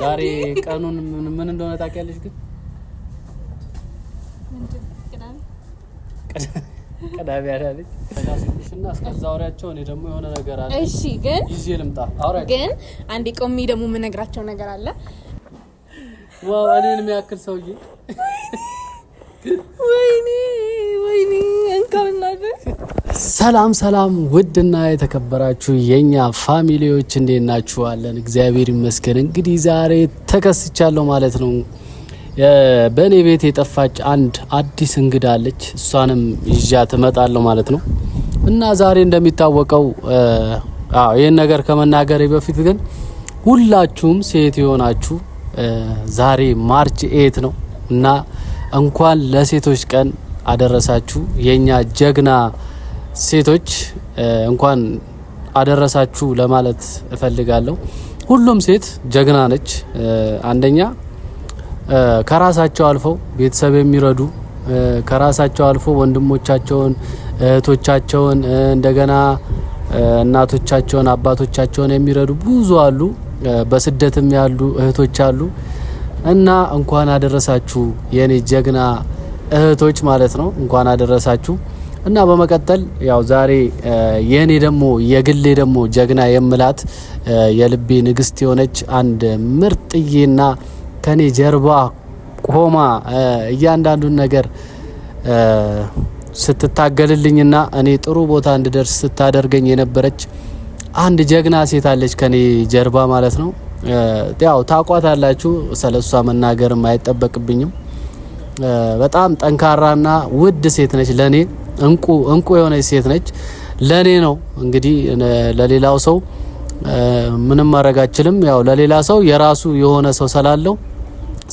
ዛሬ ቀኑን ምን እንደሆነ ታውቂያለሽ? ግን ቅዳሜ አዳለች እና እስከዛ አውሪያቸው። እኔ ደግሞ የሆነ ነገር አለ። እሺ፣ ግን ይዤ ልምጣ። አውሪያቸው ግን አንዴ ቆሚ። ደግሞ የምነግራቸው ነገር አለ። ዋው! እኔን የሚያክል ሰውዬ! ወይኔ ወይኔ ሰላም ሰላም ውድና የተከበራችሁ የኛ ፋሚሊዎች እንዴት ናችኋለን? እግዚአብሔር ይመስገን። እንግዲህ ዛሬ ተከስቻለሁ ማለት ነው። በእኔ ቤት የጠፋች አንድ አዲስ እንግዳ አለች። እሷንም ይዣት እመጣለሁ ማለት ነው እና ዛሬ እንደሚታወቀው ይህን ነገር ከመናገሬ በፊት ግን ሁላችሁም ሴት የሆናችሁ ዛሬ ማርች ኤት ነው እና እንኳን ለሴቶች ቀን አደረሳችሁ የእኛ ጀግና ሴቶች እንኳን አደረሳችሁ ለማለት እፈልጋለሁ። ሁሉም ሴት ጀግና ነች። አንደኛ ከራሳቸው አልፈው ቤተሰብ የሚረዱ ከራሳቸው አልፎ ወንድሞቻቸውን፣ እህቶቻቸውን፣ እንደገና እናቶቻቸውን፣ አባቶቻቸውን የሚረዱ ብዙ አሉ። በስደትም ያሉ እህቶች አሉ እና እንኳን አደረሳችሁ የኔ ጀግና እህቶች ማለት ነው። እንኳን አደረሳችሁ። እና በመቀጠል ያው ዛሬ የኔ ደግሞ የግሌ ደግሞ ጀግና የምላት የልቤ ንግስት የሆነች አንድ ምርጥዬና ከኔ ጀርባ ቆማ እያንዳንዱን ነገር ስትታገልልኝና እኔ ጥሩ ቦታ እንድደርስ ስታደርገኝ የነበረች አንድ ጀግና ሴት አለች ከኔ ጀርባ ማለት ነው። ያው ታቋታላችሁ፣ ስለሷ መናገርም አይጠበቅብኝም። በጣም ጠንካራና ውድ ሴት ነች ለእኔ። እንቁ እንቁ የሆነች ሴት ነች። ለኔ ነው እንግዲህ ለሌላው ሰው ምንም ማድረግ አልችልም። ያው ለሌላ ሰው የራሱ የሆነ ሰው ስላለው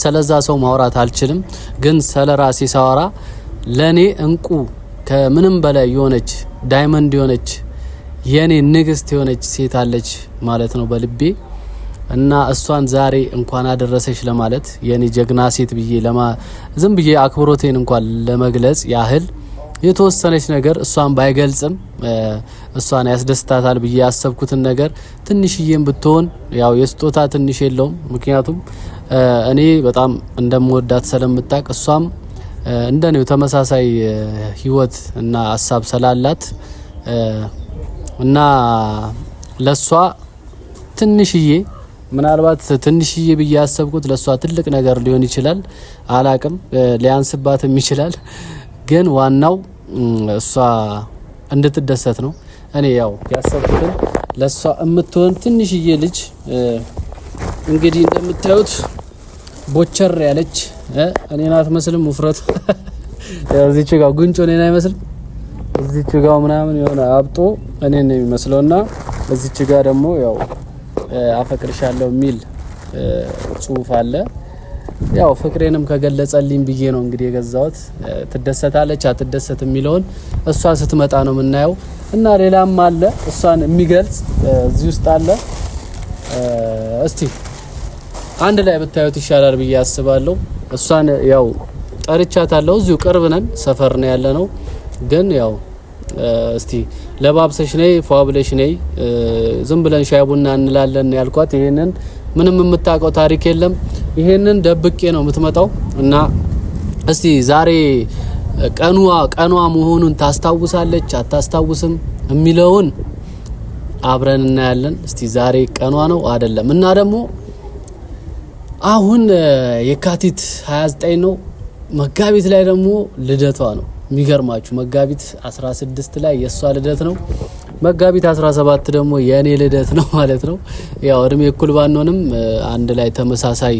ስለዛ ሰው ማውራት አልችልም። ግን ስለ ራሴ ሳወራ ለኔ እንቁ ከምንም በላይ የሆነች ዳይመንድ የሆነች የኔ ንግስት የሆነች ሴት አለች ማለት ነው በልቤ እና እሷን ዛሬ እንኳን አደረሰች ለማለት የኔ ጀግና ሴት ብዬ ለማ ዝም ብዬ አክብሮቴን እንኳን ለመግለጽ ያህል የተወሰነች ነገር እሷን ባይገልጽም እሷን ያስደስታታል ብዬ ያሰብኩትን ነገር ትንሽዬም ብትሆን ያው የስጦታ ትንሽ የለውም። ምክንያቱም እኔ በጣም እንደምወዳት ስለምታቅ እሷም እንደኔው ተመሳሳይ ህይወት እና ሀሳብ ስላላት እና ለሷ ትንሽዬ ምናልባት ትንሽዬ ብዬ ያሰብኩት ለሷ ትልቅ ነገር ሊሆን ይችላል። አላቅም፣ ሊያንስባትም ይችላል ግን ዋናው እሷ እንድትደሰት ነው። እኔ ያው ያሰብኩትን ለእሷ የምትሆን ትንሽዬ ልጅ እንግዲህ እንደምታዩት ቦቸር ያለች እኔን አትመስልም። ውፍረቱ እዚች ጋ ጉንጮ እኔን አይመስልም። እዚች ጋው ምናምን የሆነ አብጦ እኔን ነው የሚመስለው። እና እዚች ጋ ደግሞ ያው አፈቅርሻለሁ የሚል ጽሁፍ አለ። ያው ፍቅሬንም ከገለጸልኝ ብዬ ነው እንግዲህ የገዛሁት። ትደሰታለች አትደሰት የሚለውን እሷ ስትመጣ ነው የምናየው። እና ሌላም አለ እሷን የሚገልጽ እዚህ ውስጥ አለ። እስቲ አንድ ላይ ብታዩት ይሻላል ብዬ አስባለሁ። እሷን ያው ጠርቻታለሁ። እዚሁ ቅርብ ነን፣ ሰፈር ነው ያለ ነው። ግን ያው እስቲ ለባብሰሽ ነይ፣ ፏብለሽ ነይ፣ ዝም ብለን ሻይ ቡና እንላለን ያልኳት ይህንን ምንም የምታውቀው ታሪክ የለም። ይሄንን ደብቄ ነው የምትመጣው እና እስቲ ዛሬ ቀኗ ቀኗ መሆኑን ታስታውሳለች አታስታውስም የሚለውን አብረን እናያለን። እስቲ ዛሬ ቀኗ ነው አይደለም? እና ደግሞ አሁን የካቲት 29 ነው። መጋቢት ላይ ደግሞ ልደቷ ነው። የሚገርማችሁ መጋቢት 16 ላይ የእሷ ልደት ነው። መጋቢት 17 ደግሞ የእኔ ልደት ነው ማለት ነው። ያው እድሜ እኩል ባንሆንም አንድ ላይ ተመሳሳይ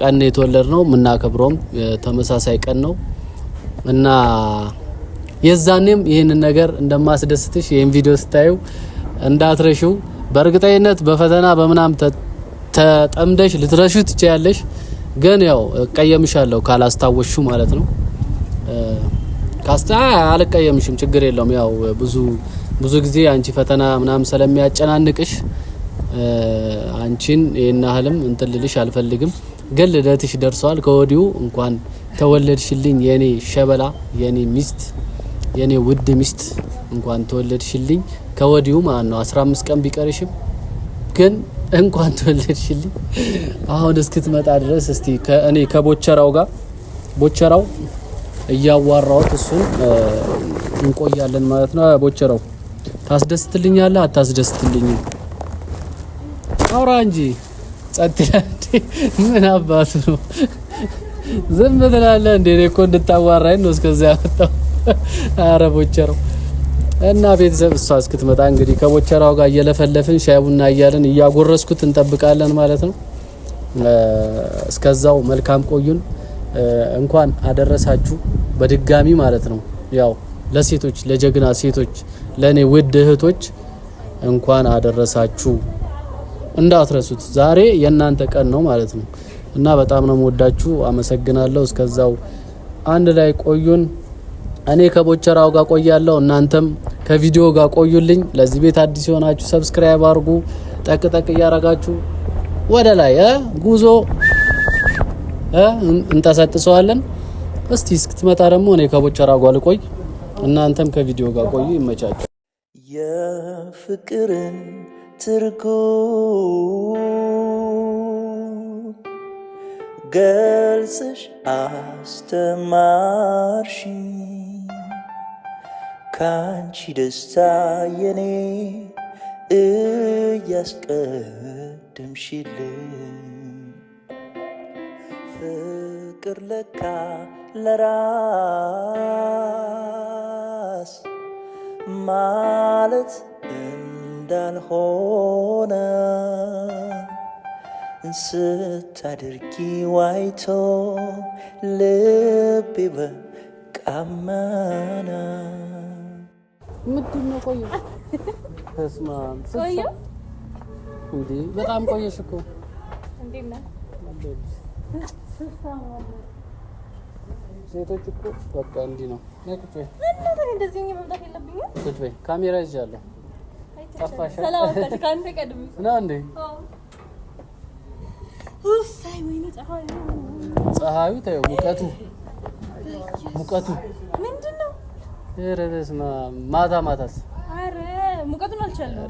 ቀን የተወለድ ነው የምናከብረውም ተመሳሳይ ቀን ነው እና የዛኔም ይህንን ነገር እንደማስደስትሽ ይህን ቪዲዮ ስታዩ እንዳትረሽው። በእርግጠኝነት በፈተና በምናም ተጠምደሽ ልትረሹ ትችያለሽ። ግን ያው እቀየምሻለሁ ካላስታወሹ ማለት ነው። ካስታ አልቀየምሽም፣ ችግር የለውም ያው ብዙ ብዙ ጊዜ አንቺ ፈተና ምናምን ስለሚያጨናንቅሽ አንቺን ይህን ያህልም እንትልልሽ አልፈልግም፣ ግን ልደትሽ ደርሰዋል። ከወዲሁ እንኳን ተወለድሽልኝ የኔ ሸበላ፣ የኔ ሚስት፣ የኔ ውድ ሚስት እንኳን ተወለድሽልኝ ከወዲሁ ማለት ነው። 15 ቀን ቢቀርሽም ግን እንኳን ተወለድሽልኝ። አሁን እስክትመጣ ድረስ እስቲ እኔ ከቦቸራው ጋር ቦቸራው እያዋራሁት እሱን እንቆያለን ማለት ነው። ቦቸራው ታስደስትልኛለህ አታስደስትልኝም? አውራ እንጂ ጸጥ ምን አባት ነው ዝም ትላለህ እንዴ? እኔ እኮ እንድታዋራኝ ነው እስከዚያ ያመጣው። ኧረ እና ቤተሰብ እሷ እስክትመጣ እንግዲህ ከቦቸራው ጋር እየለፈለፍን ሻይ ቡና እያልን እያጎረስኩት እንጠብቃለን ማለት ነው። እስከዛው መልካም ቆዩን። እንኳን አደረሳችሁ በድጋሚ ማለት ነው ያው ለሴቶች ለጀግና ሴቶች ለእኔ ውድ እህቶች እንኳን አደረሳችሁ። እንዳትረሱት፣ ዛሬ የእናንተ ቀን ነው ማለት ነው እና በጣም ነው የምወዳችሁ። አመሰግናለሁ። እስከዛው አንድ ላይ ቆዩን። እኔ ከቦቸራው ጋር ቆያለሁ፣ እናንተም ከቪዲዮ ጋር ቆዩልኝ። ለዚህ ቤት አዲስ የሆናችሁ ሰብስክራይብ አድርጉ። ጠቅ ጠቅ እያረጋችሁ ወደ ላይ ጉዞ እንጠሰጥሰዋለን። እስቲ እስክትመጣ ደግሞ እኔ ከቦቸራው ጋር ልቆይ። እናንተም ከቪዲዮ ጋር ቆዩ፣ ይመቻቸው። የፍቅርን ትርጉ ገልጽሽ አስተማርሽ ካንቺ ደስታ የኔ እያስቀድምሽልን ፍቅር ለካ ለራ ማለት እንዳልሆነ ስታድርጊ ዋይቶ ልቤ በቃመና ምንድን ነው ቆየ? ተስማ ቆየ በጣም ቆየሽ እኮ ሴቶች እኮ በቃ እንዲህ ነው። ቁጭ በይ፣ ካሜራ ይዣለሁ። ጠፋሻል ፀሐዩ ተይው፣ ሙቀቱ ሙቀቱ ምንድን ነው? ኧረ በስመ አብ። ማታ ማታስ? ሙቀቱን አልቻለሁ።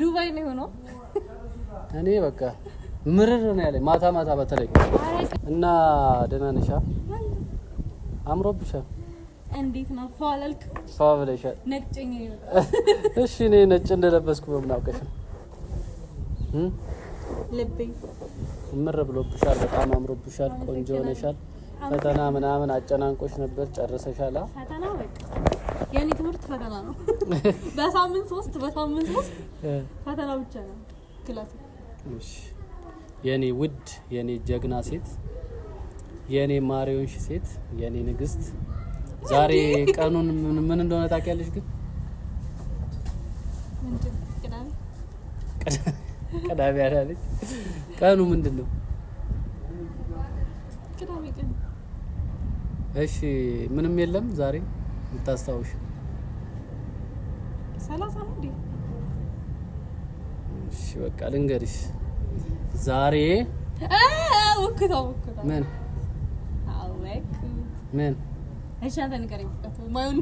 ዱባይ ነው የሆነው። እኔ በቃ ምርር ነው ያለኝ ማታ ማታ በተለይ እና ደህና ነሽ? አምሮብሻል። እንዴት ነው ፏላልክ? ፏ ብለሻል። ነጭኝ እሺ እኔ ነጭ እንደለበስኩ በምን አውቀሽ ነው? ልቤ ምር ብሎብሻል። በጣም አምሮብሻል። ቆንጆ ሆነሻል። ፈተና ምናምን አጨናንቆች ነበር፣ ጨርሰሻል። ፈተና በቃ የኔ ትምህርት ፈተና ነው። በሳምንት ሶስት በሳምንት ሶስት ፈተና ብቻ ነው ክላስ። እሺ የኔ ውድ የኔ ጀግና ሴት የእኔ ማሪዮንሽ ሴት የእኔ ንግስት፣ ዛሬ ቀኑን ምን እንደሆነ ታውቂያለሽ? ግን ቅዳሜ አላለች። ቀኑ ምንድን ነው? እሺ፣ ምንም የለም ዛሬ ልታስታውሽ እሺ፣ በቃ ልንገርሽ ዛሬ ምን ምን እሺ፣ አንተ ንገረኝ። ማየውን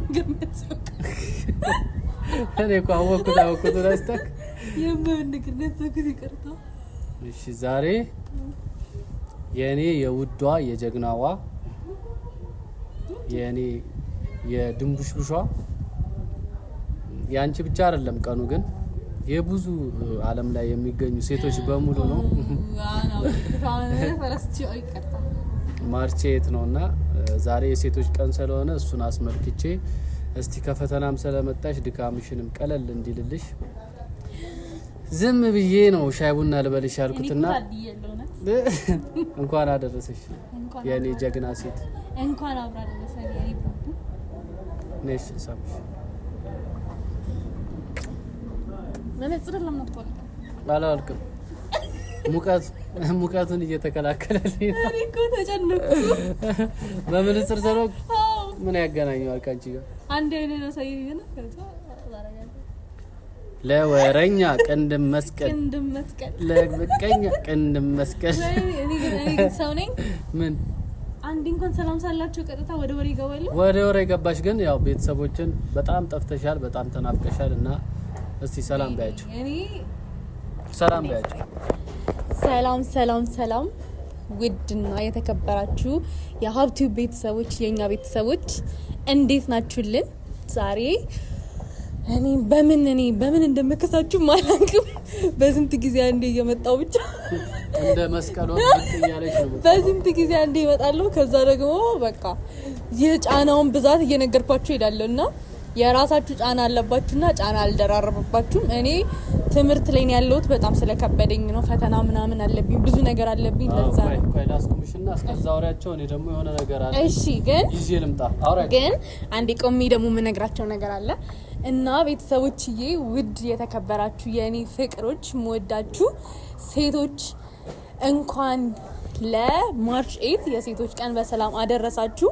እኔ እኮ እሺ፣ ዛሬ የእኔ የውዷ የጀግናዋ የእኔ የድንቡሽቡሿ የአንቺ ብቻ አይደለም ቀኑ ግን የብዙ ዓለም ላይ የሚገኙ ሴቶች በሙሉ ነው። ማርቼት ነው እና ዛሬ የሴቶች ቀን ስለሆነ እሱን አስመልክቼ እስቲ ከፈተናም ስለመጣሽ ድካምሽንም ቀለል እንዲልልሽ ዝም ብዬ ነው ሻይ ቡና ልበልሽ ያልኩትና እንኳን አደረሰሽ የኔ ጀግና ሴት። እንኳን አብራ ደረሰ ነሽ ሳምሽ ሙቀቱን እየተከላከለልኝ ነው። በምንስር ሰሮ ምን ያገናኘዋል ከአንቺ ጋር? ለወረኛ ቅንድም መስቀል፣ ለምቀኛ ቅንድም መስቀል። ምን አንድ እንኳን ሰላም ሳላቸው ቀጥታ ወደ ወሬ ይገባሉ። ወደ ወሬ ገባሽ። ግን ያው ቤተሰቦችን በጣም ጠፍተሻል፣ በጣም ተናፍቀሻል እና እስቲ ሰላም በያቸው፣ ሰላም በያቸው። ሰላም ሰላም ሰላም ውድና የተከበራችሁ የሀብቱ ቤተሰቦች የእኛ ቤተሰቦች እንዴት ናችሁልን? ዛሬ እኔ በምን እኔ በምን እንደመከሳችሁ ማላቅም በስንት ጊዜ አንዴ እየመጣው ብቻ እንደ መስቀል በስንት ጊዜ አንዴ ይመጣለሁ። ከዛ ደግሞ በቃ የጫናውን ብዛት እየነገርኳችሁ ሄዳለሁ እና የራሳችሁ ጫና አለባችሁና ጫና አልደራረበባችሁም። እኔ ትምህርት ላይ ያለሁት። በጣም ስለከበደኝ ነው ፈተና ምናምን አለብኝ፣ ብዙ ነገር አለብኝ። ለዛ እሺ፣ ግን ግን አንዴ ቆሜ ደግሞ የምነግራቸው ነገር አለ እና ቤተሰቦችዬ፣ ውድ የተከበራችሁ የእኔ ፍቅሮች፣ የምወዳችሁ ሴቶች እንኳን ለማርች ኤት የሴቶች ቀን በሰላም አደረሳችሁ።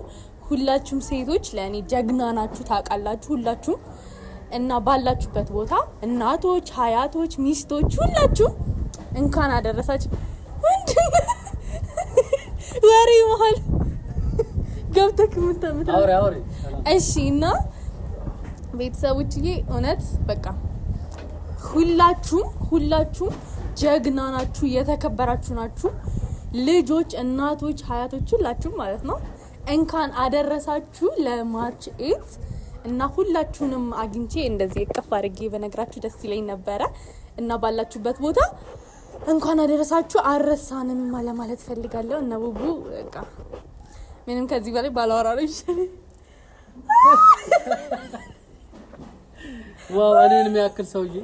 ሁላችሁም ሴቶች ለእኔ ጀግና ናችሁ፣ ታውቃላችሁ። ሁላችሁም እና ባላችሁበት ቦታ እናቶች፣ ሀያቶች፣ ሚስቶች ሁላችሁ እንኳን አደረሳችሁ። ወሬ መሀል ገብተክ የምታምታ እሺ። እና ቤተሰቦችዬ እውነት በቃ ሁላችሁም ሁላችሁም ጀግና ናችሁ፣ የተከበራችሁ ናችሁ። ልጆች፣ እናቶች፣ ሀያቶች ሁላችሁም ማለት ነው። እንኳን አደረሳችሁ ለማርች ኤት እና ሁላችሁንም አግኝቼ እንደዚህ እቅፍ አድርጌ በነግራችሁ ደስ ይለኝ ነበረ እና ባላችሁበት ቦታ እንኳን አደረሳችሁ አረሳንም ለማለት ፈልጋለሁ። እና ቡቡ በቃ ምንም ከዚህ በላይ ባላወራ ነው ይሻለኝ። ዋው እኔን የሚያክል ሰውዬ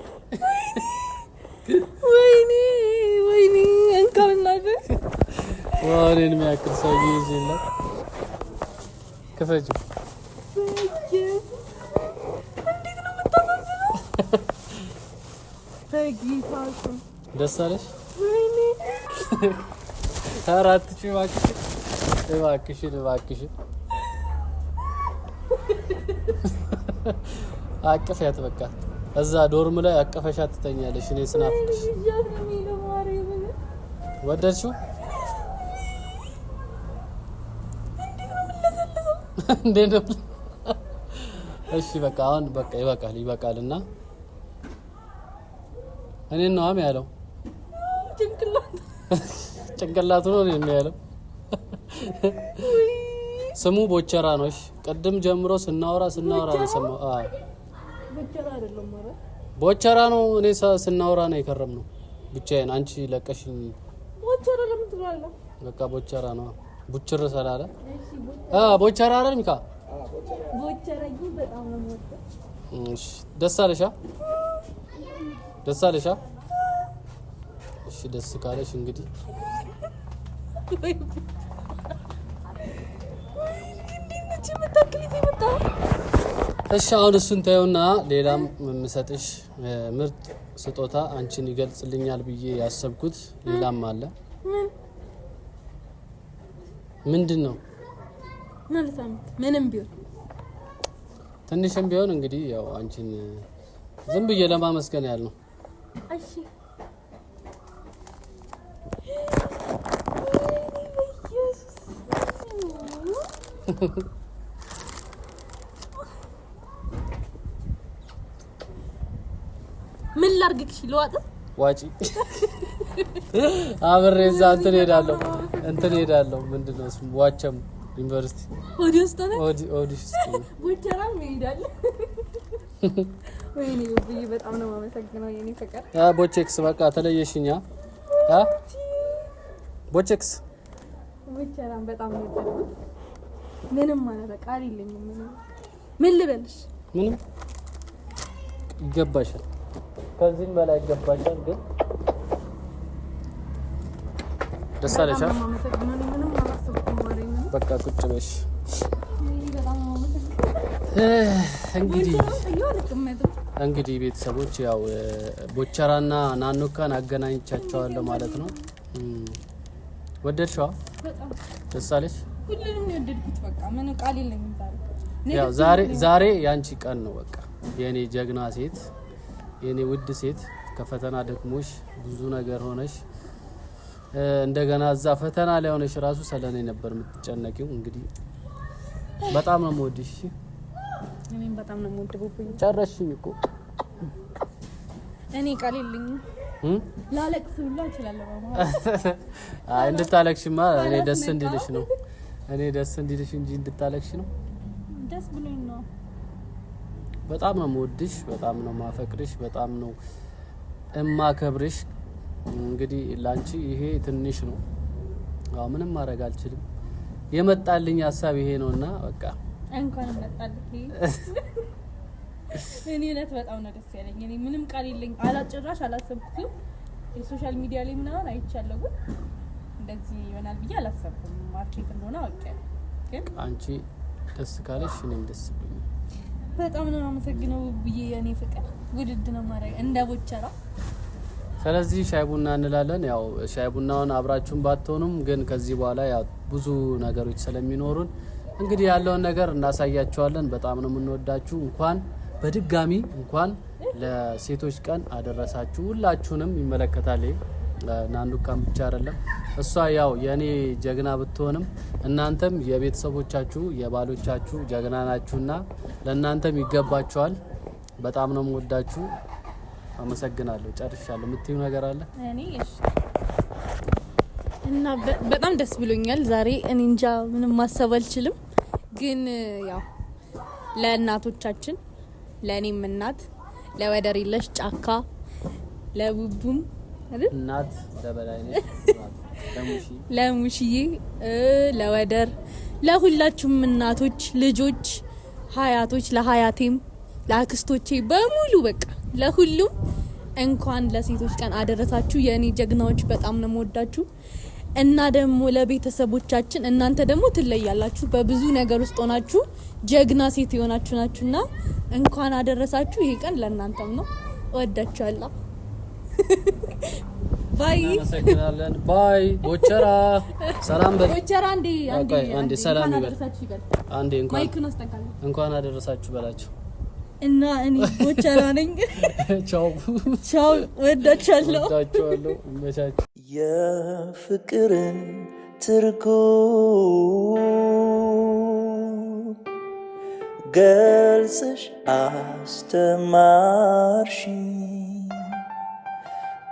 ወይኔ ወይኔ እንካምናደ ዋው እኔን የሚያክል ሰውዬ ይዤ ክፈጁ። እንዴት ነው የምታሳዝነው! በጌታ ደስ አለሽ? ኧረ አትጪ እባክሽን፣ እባክሽን፣ እባክሽን አቅፍያት በቃ እዛ ዶርም ላይ አቀፈሻት ትተኛለሽ። እኔ ስናፍቅሽ ወደድሽው? እንዴ ነው? እሺ በቃ አሁን በቃ ይበቃል፣ ይበቃል እና እኔ ነው አም ያለው ጭንቅላቱ ነው እኔ ያለው። ስሙ ቦቸራ ነው። እሺ ቅድም ጀምሮ ስናወራ ስናወራ ነው ስሙ። አዎ ቦቸራ ነው። እኔ ስናወራ ነው የከረም ነው ብቻዬን። አንቺ ለቀሽኝ። ቦቸራ ለምን ትላለህ? በቃ ቦቸራ ነው። ቡችር ሰላለ አ ቦቸራ አይደል ሚካ ደስ አለሻ? ደስ አለሻ? እሺ ደስ ካለሽ እንግዲህ እሺ አሁን እሱን ሌላም የምሰጥሽ ምርጥ ስጦታ አንቺን ይገልጽልኛል ብዬ ያሰብኩት ሌላም አለ። ምንድን ነው ምንም ቢሆን ትንሽም ቢሆን እንግዲህ ያው አንቺን ዝም ብዬ ለማመስገን ያህል ነው። እሺ ምን ላድርግሽ? ልዋጥ? ዋጪ። አብሬ እዛ እንትን እሄዳለሁ እንትን ሄዳለሁ። ምንድን ነው እሱም ዋቸም ዩኒቨርሲቲ ኦዲ በጣም ነው የማመሰግነው የኔ አ ቦቼክስ በቃ ተለየሽኛ። አ ቦቼክስ ቦቸራም በጣም ነው ምንም ማለት በቃ አይደለም። ምን ልበልሽ? ምንም ይገባሻል፣ ከዚህም በላይ ይገባሻል ግን ደስ አለሽ? በቃ ቁጭ በሽ። እንግዲህ ቤተሰቦች ያው ቦቸራና ናኖካን አገናኝቻቸዋለሁ ማለት ነው። ወደድሽዋ? ደስ አለሽ? ዛሬ ዛሬ ቀን ነው። በቃ የኔ ጀግና ሴት፣ የኔ ውድ ሴት ከፈተና ደክሞሽ ብዙ ነገር ሆነሽ እንደገና እዛ ፈተና ላይ ሆነሽ ራሱ ሰለኔ ነበር የምትጨነቂው። እንግዲህ በጣም ነው የምወድሽ። እኔም በጣም ነው የምወድብኝ። ጨረሽኝ እኮ እኔ ቃል የለኝም። ላለቅስ ብላ እችላለሁ። አይ እንድታለቅሽማ እኔ ደስ እንዲልሽ ነው። እኔ ደስ እንዲልሽ እንጂ እንድታለቅሽ ነው። ደስ ብሎኝ ነው። በጣም ነው የምወድሽ፣ በጣም ነው ማፈቅርሽ፣ በጣም ነው እማከብርሽ እንግዲህ ላንቺ ይሄ ትንሽ ነው። አዎ ምንም ማድረግ አልችልም። የመጣልኝ ሀሳብ ይሄ ነውና በቃ እንኳን መጣልኝ። እኔ እለት በጣም ነው ደስ ያለኝ። እኔ ምንም ቃል የለኝ። አላጭራሽ አላሰብኩትም። የሶሻል ሚዲያ ላይ ምናምን አይቻለሁ፣ ግን እንደዚህ ይሆናል ብዬ አላሰብኩም። ማርኬት እንደሆነ አውቄያለሁ፣ ግን አንቺ ደስ ካለሽ እኔም ደስ ብሎኛል። በጣም ነው የማመሰግነው ብዬ የኔ ፍቅር ውድድ ነው ማድረግ እንደ ቦቸራ ስለዚህ ሻይ ቡና እንላለን። ያው ሻይ ቡናውን አብራችሁን ባትሆኑም ግን ከዚህ በኋላ ያው ብዙ ነገሮች ስለሚኖሩን እንግዲህ ያለውን ነገር እናሳያችኋለን። በጣም ነው የምንወዳችሁ። እንኳን በድጋሚ እንኳን ለሴቶች ቀን አደረሳችሁ። ሁላችሁንም ይመለከታል። ናንዱካን ብቻ አይደለም። እሷ ያው የእኔ ጀግና ብትሆንም እናንተም የቤተሰቦቻችሁ የባሎቻችሁ ጀግና ናችሁና ለእናንተም ይገባችኋል። በጣም ነው የምወዳችሁ። አመሰግናለሁ። ጨርሻለሁ። የምትዩ ነገር አለ? እና በጣም ደስ ብሎኛል ዛሬ። እኔ እንጃ ምንም ማሰብ አልችልም፣ ግን ያው ለእናቶቻችን፣ ለእኔም እናት፣ ለወደር የለሽ ጫካ፣ ለቡቡም እናት፣ ለሙሽዬ፣ ለወደር፣ ለሁላችሁም እናቶች፣ ልጆች፣ ሀያቶች፣ ለሀያቴም፣ ለአክስቶቼ በሙሉ በቃ ለሁሉም እንኳን ለሴቶች ቀን አደረሳችሁ። የእኔ ጀግናዎች በጣም ነው የምወዳችሁ እና ደግሞ ለቤተሰቦቻችን እናንተ ደግሞ ትለያላችሁ። በብዙ ነገር ውስጥ ሆናችሁ ጀግና ሴት የሆናችሁ ናችሁና እንኳን አደረሳችሁ። ይሄ ቀን ለእናንተም ነው። እወዳችኋለሁ። ባይ ባይ። ቦቸራ ሰላም በል። ቦቸራ አንዴ አንዴ አንዴ ሰላም ይበል። አንዴ እንኳን አደረሳችሁ በላችሁ። እና እኔ ቦቻላ ነኝ። ቻው ቻው። ወዳችኋለሁ። የፍቅርን ትርኩ ገልጽሽ አስተማርሽ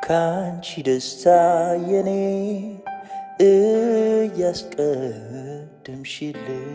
ካንቺ ደስታ የኔ እያስቀድምሽልኝ